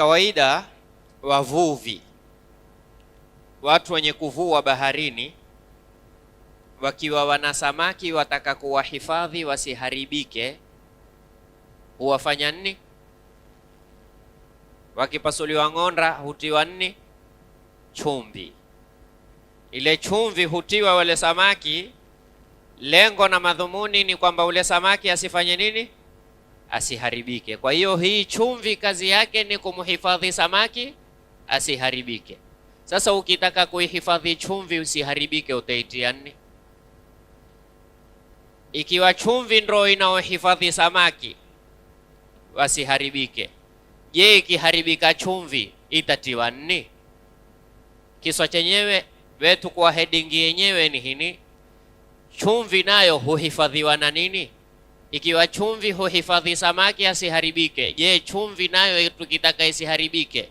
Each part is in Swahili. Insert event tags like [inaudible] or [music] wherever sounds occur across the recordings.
kawaida wavuvi, watu wenye kuvua baharini, wakiwa wana samaki wataka kuwahifadhi wasiharibike, huwafanya nini? Wakipasuliwa ng'onda hutiwa nini? Chumvi. Ile chumvi hutiwa wale samaki, lengo na madhumuni ni kwamba ule samaki asifanye nini? asiharibike. Kwa hiyo hii chumvi kazi yake ni kumhifadhi samaki asiharibike. Sasa ukitaka kuihifadhi chumvi usiharibike, utaitia nini? Ikiwa chumvi ndio inaohifadhi samaki wasiharibike, je, ikiharibika chumvi itatiwa nini? Kiswa chenyewe wetu kwa heading yenyewe ni hini, chumvi nayo huhifadhiwa na nini? Ikiwa chumvi huhifadhi samaki asiharibike, je, chumvi nayo tukitaka isiharibike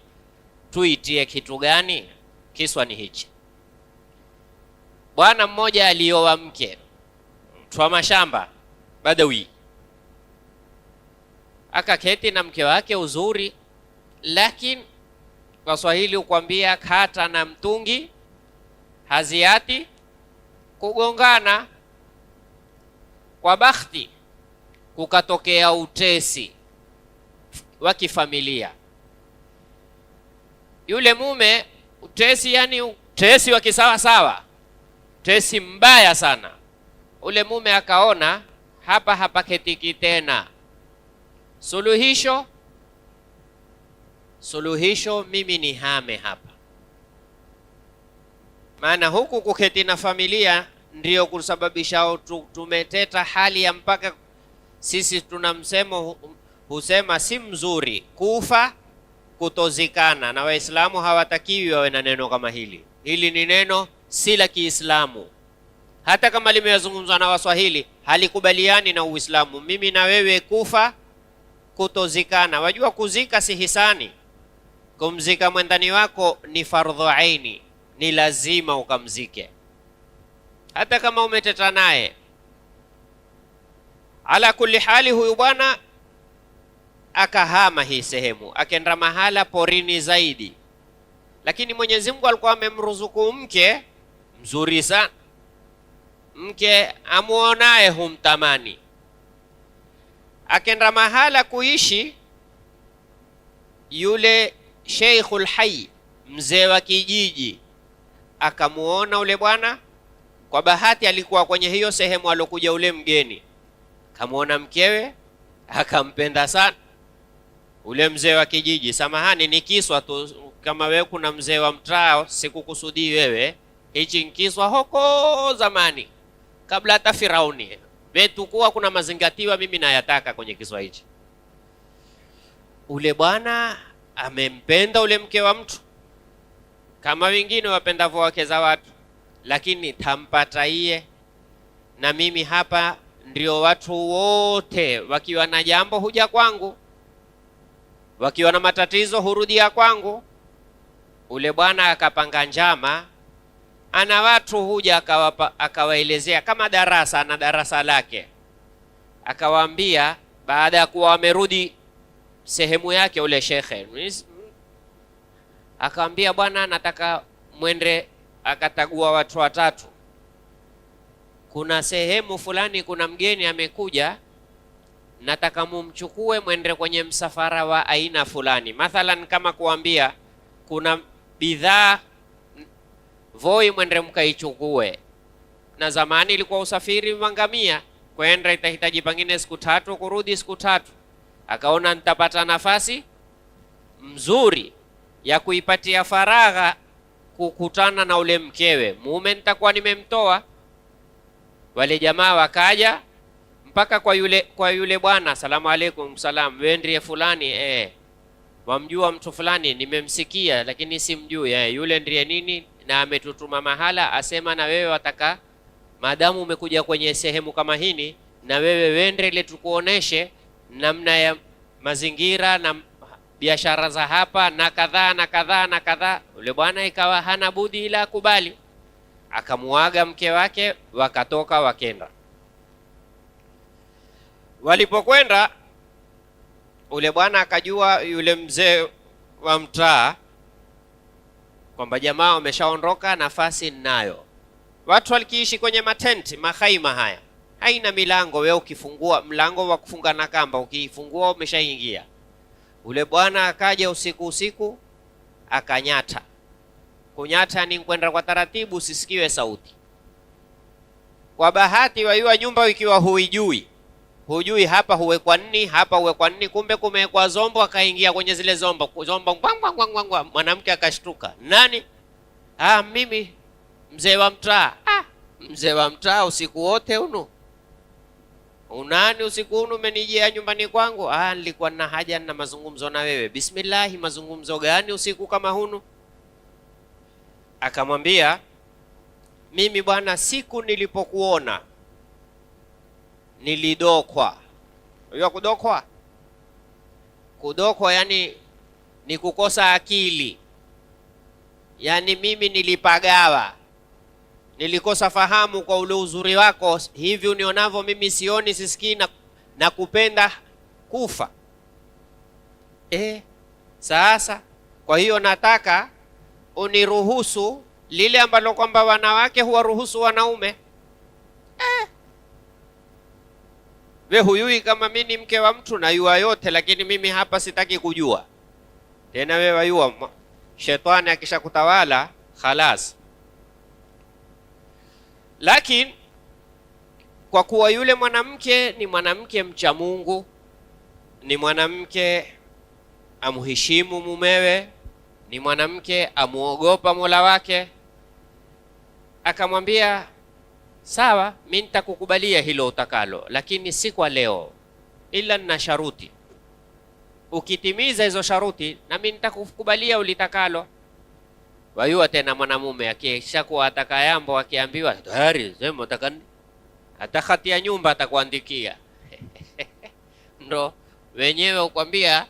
tuitie kitu gani? Kiswa ni hichi. Bwana mmoja alioa mke, twa mashamba Badawi, akaketi na mke wake uzuri, lakini kwa Swahili ukwambia kata na mtungi haziati kugongana. Kwa bahati kukatokea utesi wa kifamilia. Yule mume utesi, yani utesi wa kisawasawa, utesi mbaya sana. Ule mume akaona hapa hapaketiki tena. Suluhisho, suluhisho mimi ni hame hapa, maana huku kuketi na familia ndio kusababisha tumeteta hali ya mpaka sisi tuna msemo husema si mzuri kufa kutozikana, na Waislamu hawatakiwi wawe na neno kama hili. Hili ni neno si la Kiislamu, hata kama limezungumzwa na Waswahili halikubaliani na Uislamu. Mimi na wewe kufa kutozikana. Wajua kuzika si hisani, kumzika mwendani wako ni fardhu aini, ni lazima ukamzike, hata kama umeteta naye Ala kulli hali, huyu bwana akahama hii sehemu akaenda mahala porini zaidi, lakini Mwenyezi Mungu alikuwa amemruzuku mke mzuri sana, mke amuonae humtamani. Akaenda mahala kuishi yule Sheikhul Hayy, mzee wa kijiji, akamuona ule bwana. Kwa bahati alikuwa kwenye hiyo sehemu alokuja ule mgeni akamwona mkewe akampenda sana. Ule mzee wa kijiji, samahani, ni kiswa tu. Kama wewe kuna mzee wa mtaa, sikukusudii wewe, hichi nkiswa hoko zamani, kabla hata Firauni vetukuwa kuna mazingatiwa mimi nayataka kwenye kiswa hichi. Ule bwana amempenda ule mke wa mtu kama wengine wapendavo wake za watu, lakini tampata iye na mimi hapa ndio watu wote wakiwa na jambo huja kwangu, wakiwa na matatizo hurudia kwangu. Ule bwana akapanga njama, ana watu huja akawaelezea kama darasa na darasa lake, akawaambia baada ya kuwa wamerudi sehemu yake, ule shekhe akawaambia, bwana, nataka mwende, akatagua watu watatu kuna sehemu fulani, kuna mgeni amekuja, nataka mumchukue mwende kwenye msafara wa aina fulani, mathalan kama kuambia kuna bidhaa Voi mwende mkaichukue. Na zamani ilikuwa usafiri wangamia, kwenda itahitaji pengine siku tatu, kurudi siku tatu. Akaona nitapata nafasi mzuri ya kuipatia faragha kukutana na ule mkewe mume, nitakuwa nimemtoa wale jamaa wakaja mpaka kwa yule kwa yule bwana, salamu alaikum salam, wendrie ndiye fulani eh, wamjua mtu fulani, nimemsikia lakini simjui eh, yule ndiye nini, na ametutuma mahala asema, na wewe wataka, maadamu umekuja kwenye sehemu kama hini, na wewe wende ile tukuoneshe namna ya mazingira na biashara za hapa na kadhaa na kadhaa na kadhaa. Yule bwana ikawa hana budi ila akubali akamuaga mke wake, wakatoka wakenda. Walipokwenda ule bwana akajua, yule mzee wa mtaa kwamba jamaa wameshaondoka, nafasi ninayo. Watu walikiishi kwenye matenti mahaima haya, haina milango. Wewe ukifungua mlango wa kufunga na kamba, ukifungua umeshaingia. Ule bwana akaja usiku usiku, akanyata kunyata ni kwenda kwa taratibu, usisikiwe sauti. Kwa bahati waiwa nyumba ikiwa huijui, hujui hapa huwekwa nini, hapa huwekwa nini, kumbe kumewekwa zombo, akaingia kwenye zile zombo, zombo mwanamke akashtuka. Nani? Ah, mimi mzee wa mtaa. Ah, mzee wa mtaa usiku wote unu unani usiku unu umenijia nyumbani kwangu? Ah, nilikuwa na haja na mazungumzo na wewe. Bismillahi, mazungumzo gani usiku kama hunu? akamwambia, mimi bwana, siku nilipokuona nilidokwa. Unajua kudokwa? Kudokwa yani ni kukosa akili, yani mimi nilipagawa, nilikosa fahamu kwa ule uzuri wako, hivi unionavyo mimi sioni, sisikii na, na kupenda kufa. Eh, sasa kwa hiyo nataka uniruhusu lile ambalo kwamba wanawake huwaruhusu wanaume eh. We huyui kama mi ni mke wa mtu na yua yote, lakini mimi hapa sitaki kujua tena. We wayua shetani akishakutawala khalas. Lakini kwa kuwa yule mwanamke ni mwanamke mcha Mungu, ni mwanamke amheshimu mumewe ni mwanamke amuogopa Mola wake, akamwambia sawa, mi nitakukubalia hilo utakalo, lakini si kwa leo, ila na sharuti. Ukitimiza hizo sharuti, nami nitakukubalia ulitakalo. Wayua tena mwanamume akishakuwa ataka yambo, akiambiwa tayari sema hati ya nyumba atakuandikia [laughs] ndo wenyewe ukwambia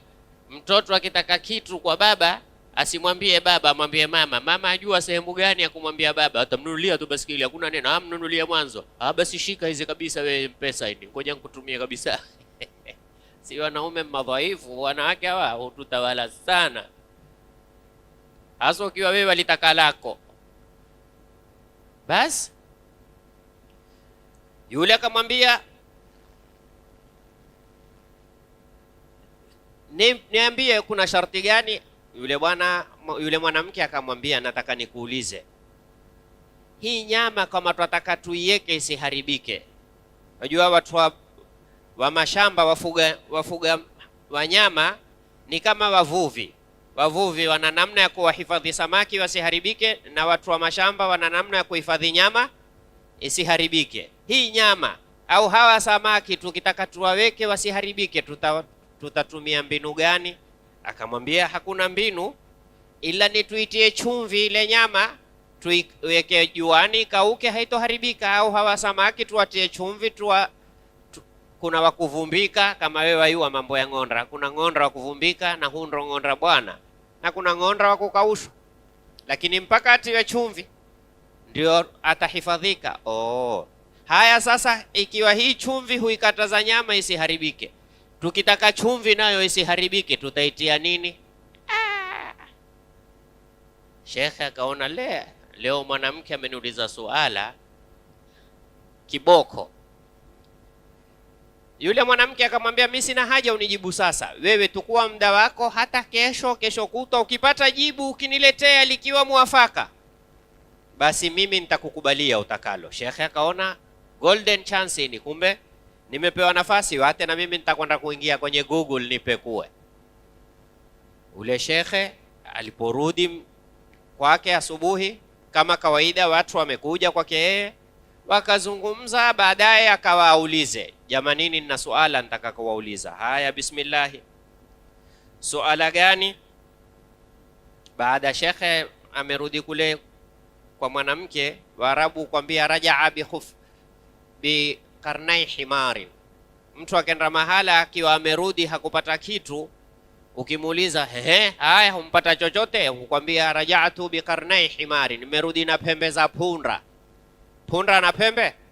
mtoto akitaka kitu kwa baba Asimwambie baba, amwambie mama. Mama ajua sehemu gani ya kumwambia baba, atamnunulia tu basikeli, hakuna neno, amnunulie mwanzo. Ah, basi shika hizi kabisa, wewe mpesa hivi, ngoja nikutumie kabisa. [laughs] si wanaume madhaifu, wanawake hawa hututawala sana, hasa ukiwa wewe walitaka lako. Basi yule akamwambia niambie, kuna sharti gani? Yule bwana yule mwanamke akamwambia, nataka nikuulize, hii nyama kama twataka tuiweke isiharibike, unajua watu wa, wa mashamba wafuga, wafuga wanyama ni kama wavuvi. Wavuvi wana namna ya kuwahifadhi samaki wasiharibike, na watu wa mashamba wana namna ya kuhifadhi nyama isiharibike. Hii nyama au hawa samaki tukitaka tuwaweke wasiharibike, tuta, tutatumia mbinu gani? Akamwambia hakuna mbinu ila ni tuitie chumvi ile nyama tuiweke juani kauke, haitoharibika. Au hawa samaki tuwatie chumvi tuwa, tu, kuna wakuvumbika kama wewe waiwa mambo ya ng'onda. Kuna ng'onda wa kuvumbika na huu ndo ng'onda bwana, na kuna ng'onda wa kukaushwa, lakini mpaka atiwe chumvi ndio atahifadhika. Oh, haya sasa, ikiwa hii chumvi huikataza nyama isiharibike Tukitaka chumvi nayo isiharibike tutaitia nini? Ah. Shekhe akaona le, leo mwanamke ameniuliza suala kiboko. Yule mwanamke akamwambia, mimi sina haja unijibu sasa, wewe tukua muda wako, hata kesho kesho kutwa, ukipata jibu ukiniletea likiwa mwafaka, basi mimi nitakukubalia utakalo. Shekhe akaona golden chance ni kumbe nimepewa nafasi, hata na mimi nitakwenda kuingia kwenye Google nipekue. Ule shekhe aliporudi kwake asubuhi, kama kawaida, watu wamekuja kwake yeye wakazungumza. Baadaye akawaulize jamanini, nina suala nitaka kuwauliza. Haya, bismillahi, suala gani? Baada shekhe amerudi kule kwa mwanamke, Waarabu kwambia rajaa bi khuf bi karnai himarin, mtu akenda mahala akiwa amerudi hakupata kitu, ukimuuliza ehe, haya humpata chochote? Ukwambia rajatu bikarnai himarin, nimerudi na pembe za punda. Punda na pembe